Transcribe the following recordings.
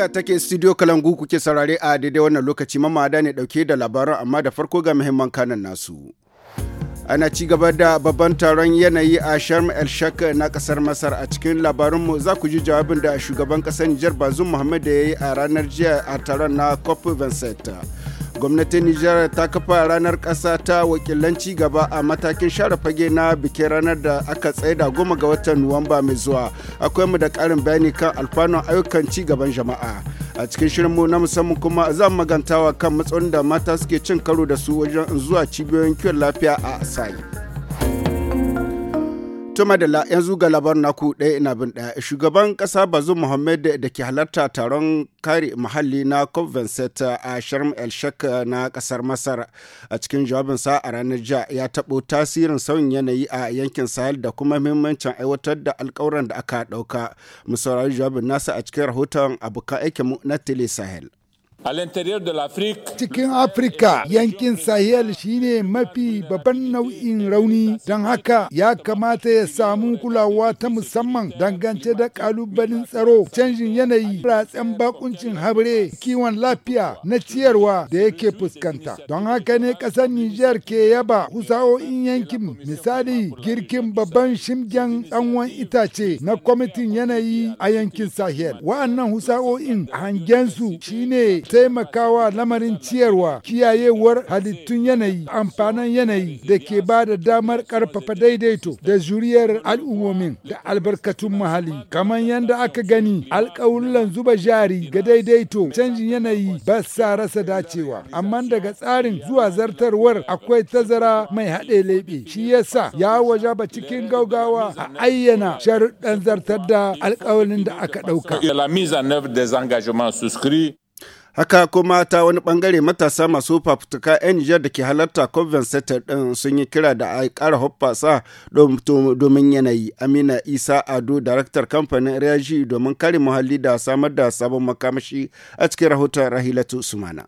haka take studio kalangu kuke saurare a daidai wannan lokaci mamada ne dauke da labaran amma da farko ga muhimman kanan nasu. ana ci gaba da babban taron yanayi a sharm el shak na kasar masar a cikin labarinmu za ku ji jawabin da shugaban kasar nijar bazum muhammad da ya yi a ranar jiya a taron na cop gwamnatin nijar ta kafa ranar kasa ta wakilan ci gaba a matakin share fage na bikin ranar da aka tsaida goma ga watan nuwamba mai zuwa akwai mu da karin bayani kan alfanun ayyukan ci gaban jama'a a cikin shirin mu na musamman kuma za mu magantawa kan matsalolin da mata suke cin karo da su wajen zuwa cibiyoyin kiwon lafiya a asali. Tuma da yanzu ga labar ku ɗaya ina bin ɗaya. Shugaban ƙasa bazu muhammed da ke halarta taron kare muhalli na cop a Sharm El Sheikh na ƙasar Masar a cikin jawabinsa a ranar jiya ya taɓo tasirin sauyin yanayi a yankin Sahel da kuma muhimmancin aiwatar da alƙawuran da aka ɗauka. Mu saurari jawabin nasa a cikin rahoton abokan aikinmu na Tele Sahel. a l'intérieur de l'Afrique. Cikin Afirka yankin Sahel shine mafi babban nau'in rauni don haka ya kamata ya samu kulawa ta musamman dangance da kalubalen tsaro, canjin yanayi, ratsen bakuncin habre, kiwon lafiya na ciyarwa da yake fuskanta. Don haka ne ƙasar Nijar ke yaba husa'o'in yankin misali girkin babban shimgen tsanwan itace na kwamitin yanayi a yankin Sahel. Wa'annan husa'o'in hangensu shine taimakawa lamarin ciyarwa kiyayewar halittun yanayi amfanin yanayi da ke ba da damar karfafa daidaito da zuriyar al'ummomin da albarkatun muhalli kamar yadda aka gani alƙawullan zuba jari ga daidaito canjin yanayi ba sa rasa dacewa amma daga tsarin zuwa zartarwar akwai tazara mai haɗe leɓe shi yasa ya waje ba cikin gaugawa a ayyana sharuɗan zartar da alkawalin da aka ɗauka. Haka kuma ta wani bangare matasa masu fafutuka 'yan Nijar da ke halarta Convent Center ɗin sun yi kira da a ƙara hoppasa domin yanayi. Amina Isa Ado, daraktar kamfanin Reaji domin kare muhalli da samar da sabon makamashi a cikin rahoton Rahilatu Sumana.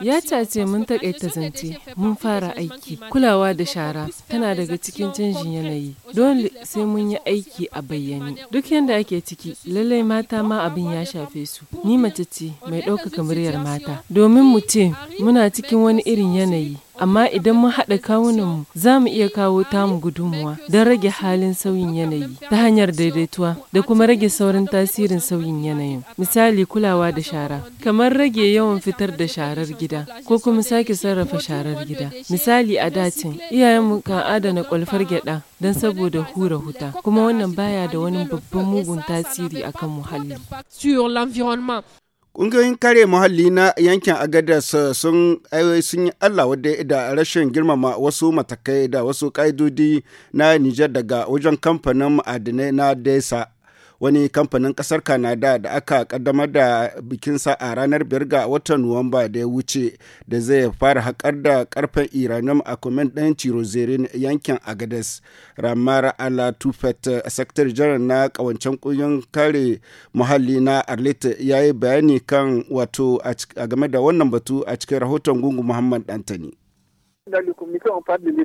Ya ce mun takaita zance, mun fara aiki. Kulawa da shara tana daga cikin canjin yanayi. don sai mun yi aiki a bayyane. Duk yadda ake ciki, lallai mata ma abin ya shafe su. Ni mace ce mai ɗaukaka muryar mata. Domin mu ce muna cikin wani irin yanayi. amma idan mun haɗa kawunanmu za mu iya kawo tamu gudunmuwa don rage halin sauyin yanayi ta hanyar daidaituwa da kuma rage saurin tasirin sauyin yanayin misali kulawa da shara kamar rage yawan fitar da sharar gida ko kuma sake sarrafa sharar gida misali a dacin iyayenmu kan adana kwalfar gyada don saboda hura huta kuma wannan baya da wani babban mugun tasiri akan muhalli Ƙungiyoyin kare muhalli na yankin Agadas eh, sun eh, sun yi Allah wadda da rashin girmama wasu matakai da wasu ƙa'idodi na Nijar daga wajen kamfanin ma'adinai na Desa. wani kamfanin kasar Canada da aka kaddamar da bikinsa a ranar biyar ga watan Nuwamba da ya wuce da zai fara haƙar da karfen Iranium a kumin ɗan Tirozerin yankin Agades. Ramar Ala Tufet, Sakatare Janar na ƙawancen ƙungiyar kare muhalli na Arlit ya yi bayani kan wato a game da wannan batu a cikin rahoton Gungu Muhammad Dantani.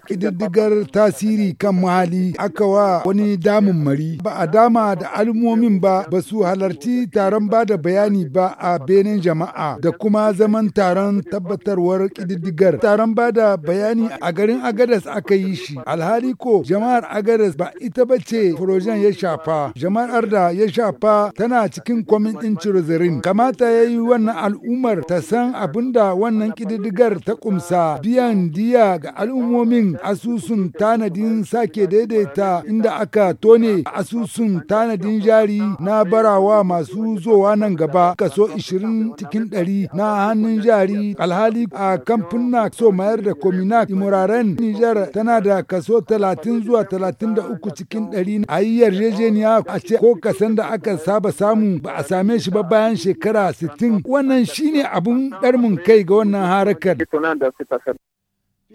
Ƙididdigar tasiri kan muhalli aka wa wani damun mari ba a dama da almomin ba ba su halarci taron ba da bayani ba a benin jama'a da kuma zaman taron tabbatarwar ƙididdigar. Taron ba da bayani a garin Agadas aka yi shi. Alhali ko jama'ar Agadas ba ita ba ce furojen ya shafa. Jama'ar da ya shafa tana cikin kwamitin Cirozirin. Kamata ya yi wannan al'ummar ta san abin wannan ƙididdigar ta ƙumsa. biyan diya shirya ga al'ummomin asusun tanadin sake daidaita inda aka tone asusun tanadin jari na barawa masu zowa nan gaba kaso 20 cikin 100 na hannun jari alhali a kamfuna so mayar da kominak imuraren Nijar tana da kaso 30 zuwa 33 cikin 100 a yi yarjejeniya a ce ko kasan da aka saba samu ba a same shi ba bayan shekara 60 wannan shine abun ɗarmin kai ga wannan harakar.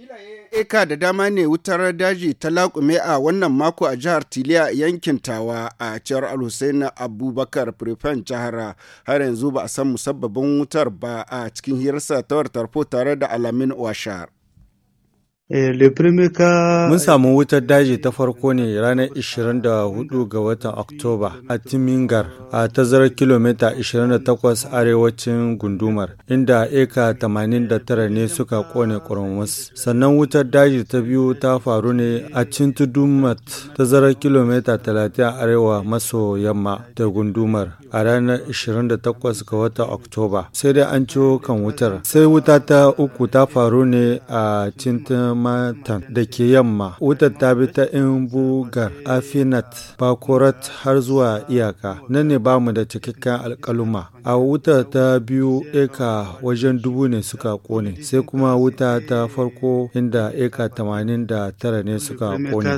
Filaye eka da dama ne wutar daji ta laƙume a wannan mako a jihar Tiliya yankin Tawa a cewar Alhussein Abubakar Prefen jihar har yanzu ba a san musabbabin wutar ba a cikin hirarsa ta tarfo tare da Alamin Washar. Eh, Mun samu wutar daji ta farko ne ranar 24 ga watan Oktoba a Timingar a tazarar kilomita 28 arewacin gundumar, inda eka 89 ne suka kone kurmus. Sannan wutar daji ta biyu ta faru ne a Cintudumat tazarar kilomita 30 arewa maso yamma da gundumar. a ranar 28 ga watan Oktoba. Sai dai an ciwo kan wutar. Sai wuta ta uku ta faru ne a matan da ke yamma. Wutar ta bi ta bugar. Afinat, Bakorat har zuwa iyaka. Nan ne ba mu da cikakken alkaluma. A wutar ta biyu eka wajen dubu ne suka kone. Sai kuma wuta ta farko inda eka 89 ne suka kone.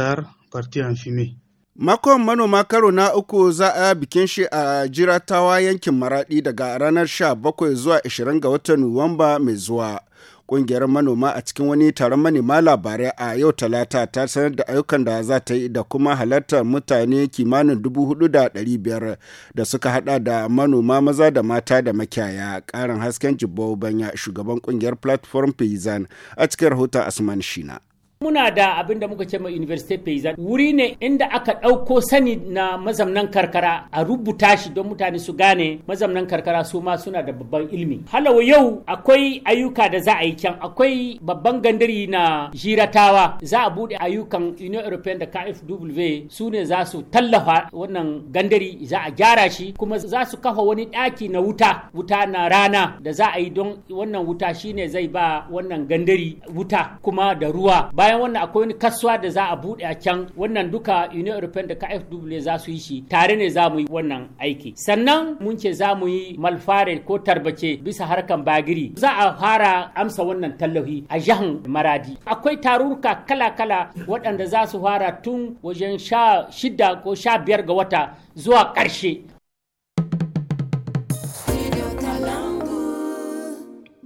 Euh, parti en fumée. Makon manoma karo na uku za a bikin shi a jiratawa yankin Maradi daga ranar 17 zuwa 20 ga watan Nuwamba mai zuwa. Ƙungiyar manoma a cikin wani taron manema labarai a yau talata ta sanar da ayyukan da za ta yi da kuma halartar mutane kimanin 4,500 da suka hada da manoma maza da mata da makiyaya. Ƙarin hasken Jibbo Banya shugaban ƙungiyar Platform Pizan a cikin rahoton Asman Shina. muna da abin da muka ce ma university paysan wuri ne inda aka ɗauko sani na mazamnan karkara a rubuta shi don mutane su gane mazamnan karkara su ma suna da babban ilimi halawa yau akwai ayyuka da za a yi can akwai babban gandari na jiratawa za a buɗe ayyukan union european da kfw su ne za su tallafa wannan gandari za a gyara shi kuma za su kafa wani ɗaki na wuta wuta na rana da za a yi don wannan wuta shine zai ba wannan gandari wuta kuma da ruwa bayan wannan akwai wani kasuwa da za a buɗe a can wannan duka union european da kfw za su yi shi tare ne za mu yi wannan aiki sannan mun ce za mu yi malfare ko tarbace bisa harkan bagiri za a fara amsa wannan tallafi a jihar maradi akwai tarurruka kala-kala waɗanda za su fara tun wajen sha shida ko sha biyar ga wata zuwa ƙarshe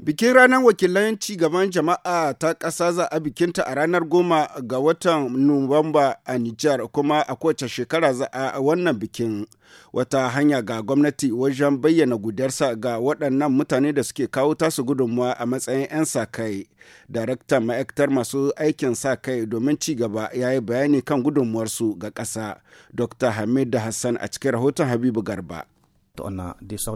Bikin ranar wakilan cigaban jama'a ta ƙasa za a bikinta a ranar goma ga watan Nuwamba a Nijar kuma a kowace shekara za a wannan bikin wata hanya ga gwamnati wajen bayyana gudarsa ga waɗannan mutane da suke kawo tasu gudunmuwa a matsayin 'yan sa-kai. Daraktan ma'aikatar masu aikin sa-kai domin cigaba ya yi bayani kan gudunmuwarsu ga ƙasa. Dr. Hamid Hassan a cikin rahoton Habibu Garba.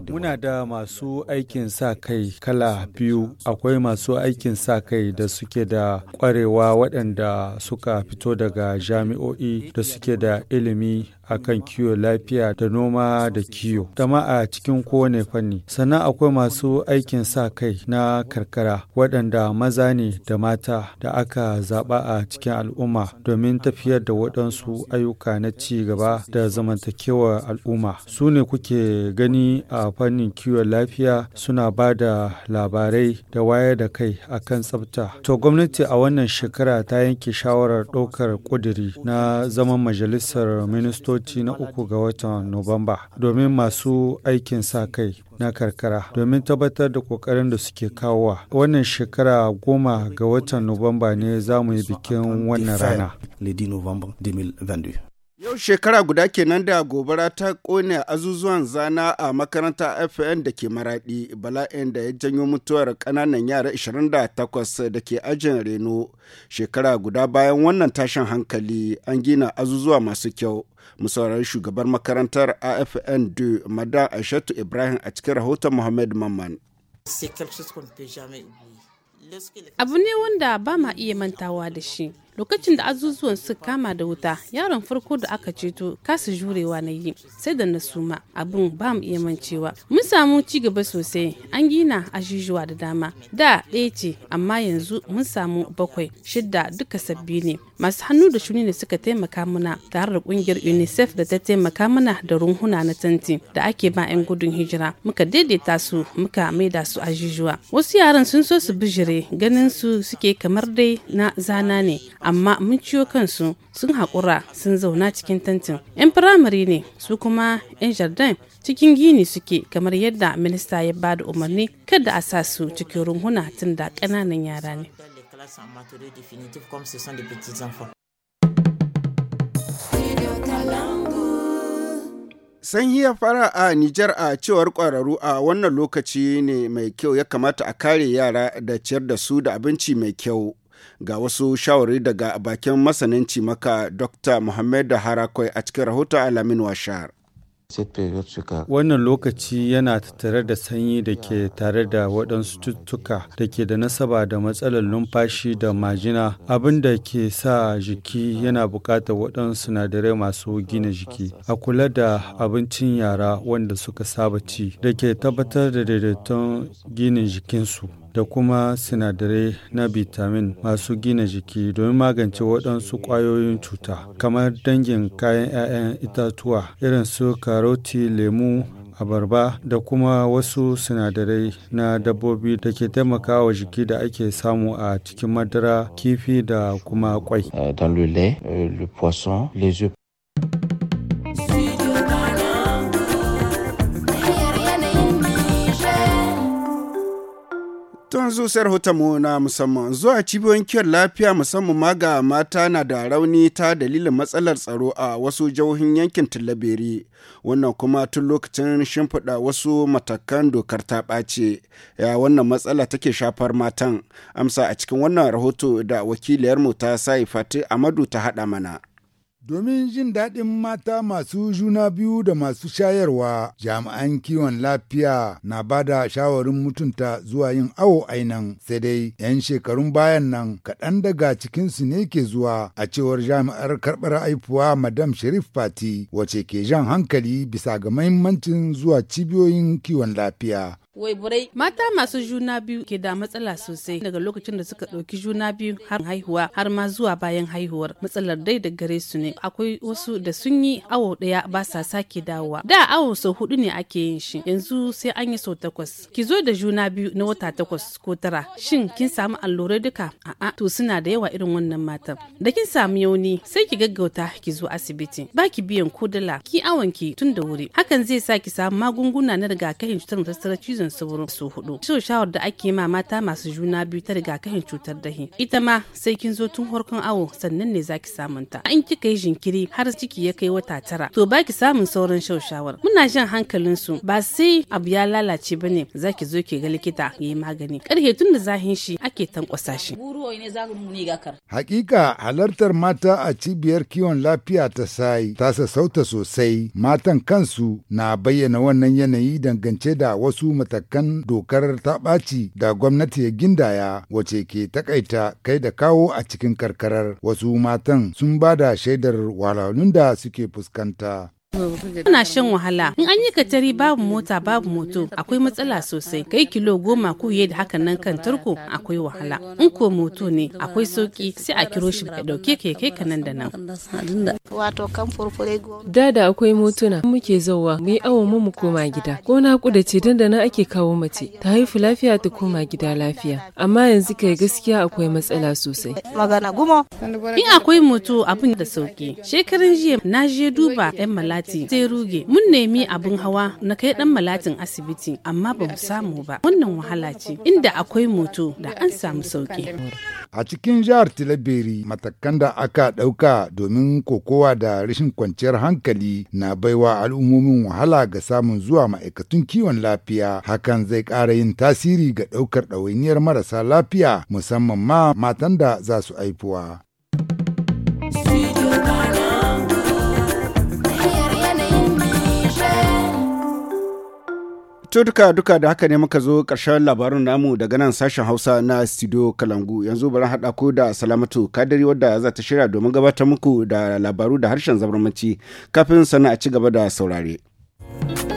Muna da masu aikin sa kai kala biyu, akwai masu aikin sa kai da suke da kwarewa waɗanda suka fito daga jami'o'i da suke da ilimi akan kiwo lafiya da noma da kiwo dama a cikin kowane fanni sannan akwai masu aikin sa kai na karkara waɗanda maza ne da mata da aka zaɓa a cikin al'umma domin tafiyar da waɗansu ayyuka na ci gaba da zamantakewa al'umma su ne kuke gani a fannin kiwon lafiya suna ba da labarai da wayar da kai akan tsafta to gwamnati a wannan shekara ta yanke shawarar ɗaukar ƙudiri na zaman majalisar ministoci lokaci na uku ga watan Nuwamba domin masu aikin sa kai na karkara domin tabbatar da kokarin da suke kawowa. Wannan shekara goma ga watan Nuwamba ne za mu yi bikin wannan rana. Yau shekara guda kenan da gobara ta kone azuzuwan zana a makaranta FN da ke maraɗi bala'in da ya janyo mutuwar ƙananan yara 28 da ke ajin reno. Shekara guda bayan wannan tashin hankali an gina azuzuwa masu kyau. Musaurar shugabar makarantar AFN Madan Aishatu Ibrahim a cikin rahoton Muhammad Mamman. Abu ne wanda ba ma iya mantawa da shi. lokacin da azuzuwan su kama da wuta yaron farko da aka ceto kasa jurewa na yi sai da na suma abin ba mu iya mancewa mun samu ci gaba sosai an gina ajujuwa da dama da ɗaya ce amma yanzu mun samu bakwai shidda duka sabbi ne masu hannu da shuni ne suka taimaka mana tare da kungiyar unicef da ta taimaka mana da runhuna na tanti da ake ba 'yan gudun hijira muka daidaita su muka maida su ajujuwa wasu yaran sun so su bijire ganin su suke kamar dai na zana ne amma mun ciyo kansu sun haƙura sun zauna cikin tantin 'yan firamare ne su kuma 'yan jardin cikin gini suke kamar yadda minista ya ba da umarni kada a sa su cikin runguna tun da ƙananan yara ne ya fara a Nijar a cewar ƙwararru a wannan lokaci ne mai kyau ya kamata a kare yara da ciyar da su da abinci mai kyau. Ga wasu shawari daga bakin masanin cimaka Dr. Muhammad Harakwai a cikin rahoton Alamin Washar. Wannan lokaci yana tattare da sanyi da ke tare da waɗansu cututtuka da ke da nasaba da matsalar numfashi da majina abin da ke sa jiki yana buƙatar waɗansu sinadarai masu gina jiki. A kula da abincin yara wanda suka saba ci da ke tabbatar da daidaiton ginin jikinsu. da kuma sinadarai na bitamin masu gina jiki domin magance waɗansu ƙwayoyin cuta kamar dangin kayan 'ya'yan itatuwa irin su karoti lemu abarba da kuma wasu sinadarai na dabbobi da ke taimakawa jiki da ake samu a cikin madara kifi da kuma kwai. Euh, an zo rahotonmu na musamman zuwa cibiyoyin kiwon lafiya musamman ma ga mata na da rauni ta dalilin matsalar tsaro a wasu jihohin yankin tillaberi wannan kuma tun lokacin shimfiɗa wasu matakan dokar ta ɓace ya wannan matsala take shafar matan amsa a cikin wannan rahoto da wakiliyarmu ta sai fati amadu ta haɗa mana Domin jin daɗin mata masu juna biyu da masu shayarwa, jami'an kiwon lafiya na ba da shawarin mutunta zuwa yin awo ainan sai dai 'yan shekarun bayan nan kaɗan daga cikinsu ne ke zuwa a cewar jami'ar karɓar haifuwa Madam Sharif Fati wace ke jan hankali bisa ga mahimmancin zuwa cibiyoyin kiwon lafiya. Mata masu juna biyu ke da matsala sosai daga lokacin da suka ɗauki juna biyu har haihuwa har ma zuwa bayan haihuwar. Matsalar dai da gare su ne. Akwai wasu da sun yi awo ɗaya ba sa sake dawowa. Da awo sau hudu ne ake yin shi. Yanzu sai an yi sau takwas. Ki zo da juna biyu na wata takwas ko tara. Shin kin samu allurai duka? A'a to suna da yawa irin wannan matan. Da kin samu yauni sai ki gaggauta ki zo asibiti. Ba ki biyan ko dala ki awon ki tun da wuri. Hakan zai sa ki samu magunguna na rigakafin cutar matattarar cizo cizon sauro su hudu shawar da ake ma mata masu juna biyu ta rigakafin cutar dahi ita ma sai kin zo tun farkon awo sannan ne zaki samun ta an kika yi jinkiri har ciki ya kai wata tara to ba ki samun sauran shawar muna jan hankalin su ba sai abu ya lalace bane zaki zo ki ga likita yayi magani karhe tun da zahin shi ake tankwasa shi hakika halartar mata a cibiyar kiwon lafiya ta sai ta sassauta sosai matan kansu na bayyana wannan yanayi dangance da wasu matakan dokar ta ɓaci da gwamnati ya gindaya wace ke takaita kai da kawo a cikin karkarar wasu matan sun ba da shaidar wahalhalun da suke fuskanta. Ina shan wahala in an yi katari babu mota babu moto akwai matsala sosai kai kilo goma ko da haka nan kan tarko akwai wahala in ko moto ne akwai sauki sai a kiro shi ka dauke ka kai ka nan da nan. Dada akwai motuna muke zauwa mu yi awon mu mu koma gida ko na kuda ce dan da nan ake kawo mace ta haifu lafiya ta koma gida lafiya amma yanzu kai gaskiya akwai matsala sosai. In akwai moto abin da sauki shekaran jiya na je duba 'yan malaya malati zai ruge mun nemi abin hawa na kai dan malatin asibiti amma ba mu samu ba wannan wahala ce inda akwai moto da an samu sauki a cikin jihar tilaberi matakan da aka ɗauka domin kokowa da rashin kwanciyar hankali na baiwa al'ummomin wahala ga samun zuwa ma'aikatun kiwon lafiya hakan zai ƙara yin tasiri ga ɗaukar ɗawainiyar marasa lafiya musamman ma matan da za su aifuwa To duka da haka ne muka zo karshen labarin namu daga nan sashen Hausa na studio Kalangu yanzu bari haɗa ko da Salamatu Kadiri wadda za ta shirya domin gabatar muku da labaru da harshen zabarmanci kafin sana a ci gaba da saurare.